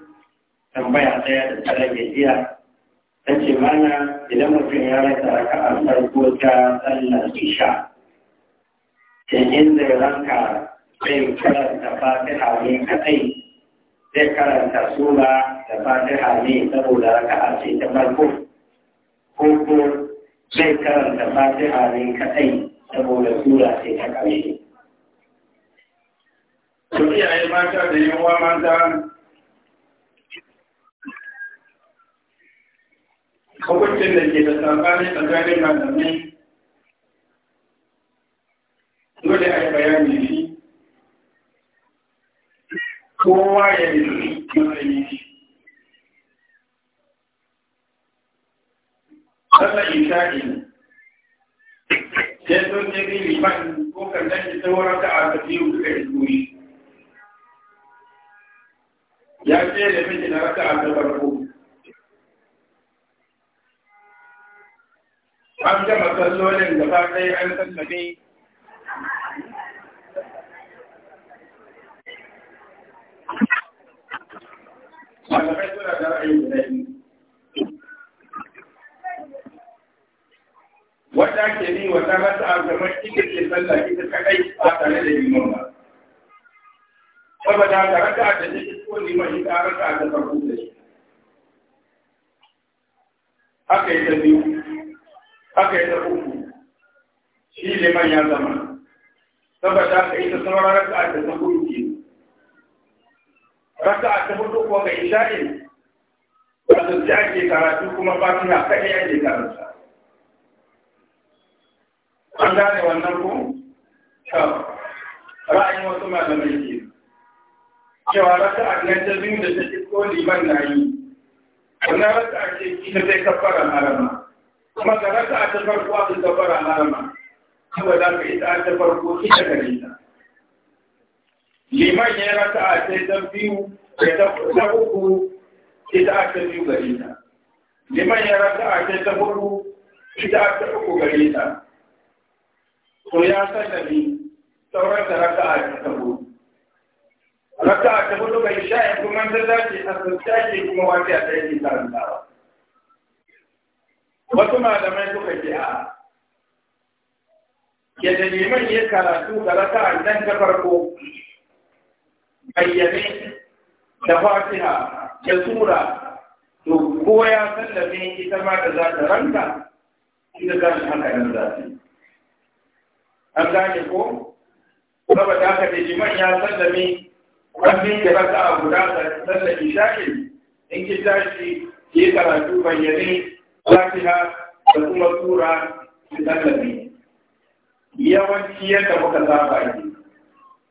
tambaya ɗaya da ta rage iya ta ce mana idan mutum ya rasa raka a farko ta sallar isha ta inda ranka zai karanta fatiha ne kaɗai zai karanta sura da fatiha ne saboda a ce ta farko ko ko zai karanta fatiha ne kaɗai saboda sura ce ta ƙarshe. Su iyaye mata da yan uwa mata hukuncin da ke da sabani tsakanin malamai dole a yi bayani shi kowa ya nufi matsayin shi Sallar isha'i sai sun ce liman ko kan shi ta wurin da aka biyu suka yi turi. Ya ce da miji na raka a ta ko. An gama sallolin gaba ɗaya an sallame malamai suna da ra'ayi guda biyu wata ke ni wata rasa a kamar ita ke sallah ita kadai a tare da liman ba saboda ka raka da take ko liman ita raka da farko da shi haka yi ta biyu haka yi ta uku shi liman ya zama saboda ka ita sama raka da ta hudu a ta hudu kuwa ga isha'in wato da ake karatu kuma fatiha ya ke karanta an gane wannan ku ra'ayin wasu malamai ke cewa raka'a nan ta jirgin da ta ko liman na yi wannan a ce kina sai kafara harama kuma ga a ta farko a ta kafara harama za ka yi ta farko ita gare ta liman ya raka a sai ta biyu ta uku ita a ta biyu gare ta liman ya raka a sai ta hudu ita a ta uku gare ta to ya san sallami sauran da raka a ta hudu raka a ta hudu bai sha kuma ta dace a sassaki kuma wani a ta yi karantawa wasu malamai suka ce a yadda liman ya karatu ga raka'a nan ta farko bayyane da fatiha da sura to kowa ya sallame ita ma da za ta ranka ita za ta haka nan za ta an gane ko da haka da liman ya sallame wannan da raka a guda da sallar shakin in ki tashi ki karatu bayyane fatiha da kuma sura ki sallame yawanci yadda muka saba ne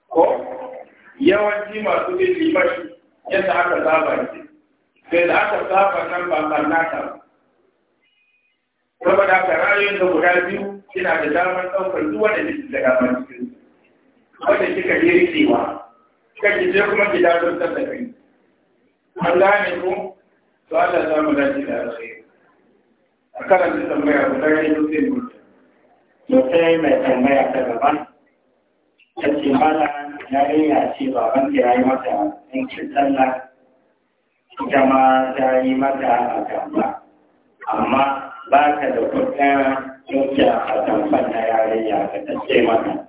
ko yawanci masu bin mashi yadda aka saba shi sai da aka saba nan ba nata? ba saboda aka ra'ayoyin da guda biyu kina da damar ɗaukar duk wanda kike da damar cikin wanda kika yi rikewa kika ki je kuma ki don da kai an gane ku to Allah za mu dace da alkhairi a karanta tambaya guda ne sai mu to sai mai tambaya ta gaba ta ce mana yarinya ce baban ta yi mata yankin sallah ita ma ta yi mata a gamba amma ba ka da kuɗin yanke a tamfan na yarinya da ta ce mata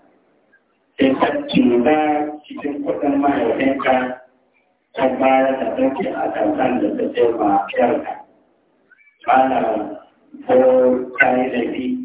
sai ta cuta cikin kuɗin mahaifinka ta bayar da ɗauke a tamfan da ta ce ma ba na ko ta yi laifi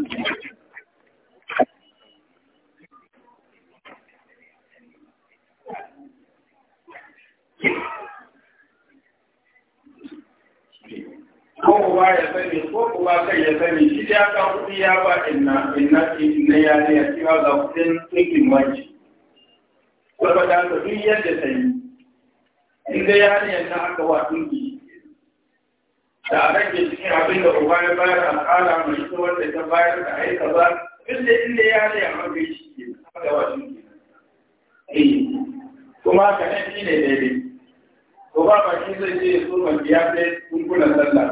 ko uba ya sani ko uba kan ya sani shi ya ka kuɗi ya ba inna inna inna ya ne ya kira ga kuɗin ɗinkin wanci saboda haka duk yadda ta yi in dai ya ne na aka wa ɗinki da a ke cikin abin da uba ya bayar al'ada mai ita wanda ta bayar da aika ba inda inda ya ne a mafi shi ke aka wa ɗinki eh, kuma ka ne ne daidai ko ba ba shi zai je so ban biya sai kunkunan sallah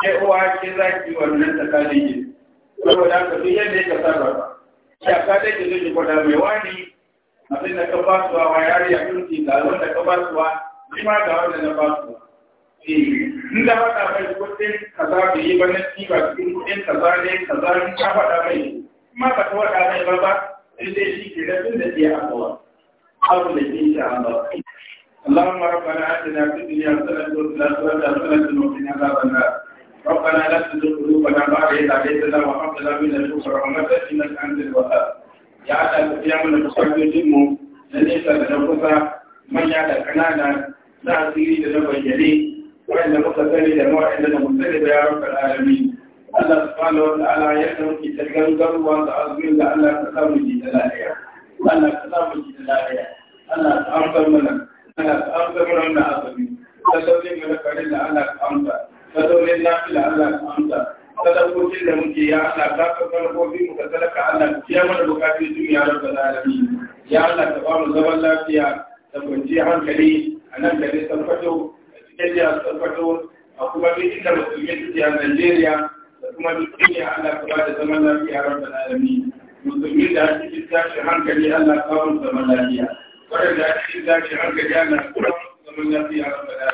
ke uwa ke za ki wannan tsakanin ki saboda ka duk yadda ya kasar ba ya ka dai ki zai da mai wani abin da ka ba su wa yari ya kunti da wanda ka ba su wa shi ma da wanda na ba su eh, in da ko mai ka kaza bai yi ba na ci ba cikin kuɗin kaza ne kaza in ka faɗa mai ma ba ta faɗa mai ba ba sai dai shi ke da tun da ke a kawai abu da ke shi a ba اللهم ربنا آتنا في الدنيا حسنة وفي الآخرة حسنة وقنا عذاب النار ربنا لا تزغ قلوبنا بعد إذ هديتنا وهب لنا من لدنك رحمة إنك أنت الوهاب يا القيامة يا من تسجدهم لليس لنفسا من يعد الحنانا لا أسيري لنبيني وإن مقتل لنوع لنا مختلف يا رب العالمين الله سبحانه وتعالى يحلم في تلك القرى وتعظيم لأن لا تسامح جدلائها أن لا تسامح جدلائها أن أفضل منك ana amsa mana wannan azumi sallolin mu na farin da ana amsa sallolin lafiya ana amsa sadakokin da muke ya Allah ka ka farkofi mu ka sadaka Allah ya mana bukatun duniya rabbal alamin ya Allah ka ba mu zaman lafiya da kwanciyar hankali a nan gari sarfato a cikin jihar sarfato a kuma duk inda musulmi suke a Najeriya da kuma duk duniya Allah ka ba da zaman lafiya rabbal alamin musulmi da cikin tashin hankali Allah ka ba mu zaman lafiya ولم يأتي ذاك عنك ومن لا فيها